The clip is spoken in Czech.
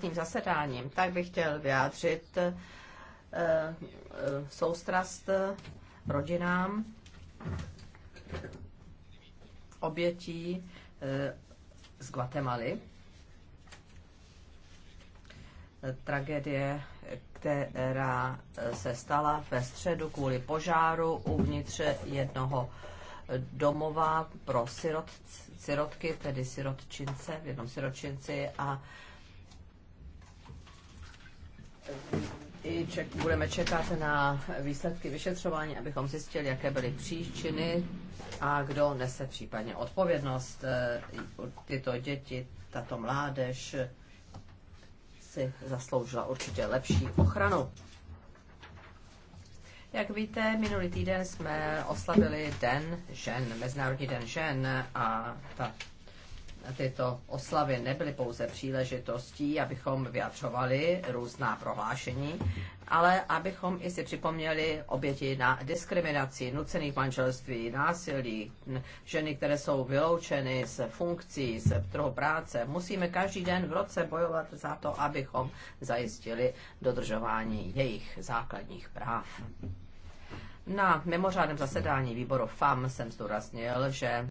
samotným zasedáním, tak bych chtěl vyjádřit eh, eh, soustrast eh, rodinám obětí z Guatemaly. Tragédie, která se stala ve středu kvůli požáru uvnitř jednoho domova pro sirot, sirotky, tedy sirotčince, v jednom sirotčinci a ček, budeme čekat na výsledky vyšetřování, abychom zjistili, jaké byly příčiny a kdo nese případně odpovědnost. Tyto děti, tato mládež si zasloužila určitě lepší ochranu. Jak víte, minulý týden jsme oslavili Den žen, Mezinárodní den žen a ta tyto oslavy nebyly pouze příležitostí, abychom vyjadřovali různá prohlášení, ale abychom i si připomněli oběti na diskriminaci, nucených manželství, násilí, ženy, které jsou vyloučeny z funkcí, z trhu práce. Musíme každý den v roce bojovat za to, abychom zajistili dodržování jejich základních práv. Na mimořádném zasedání výboru FAM jsem zdůraznil, že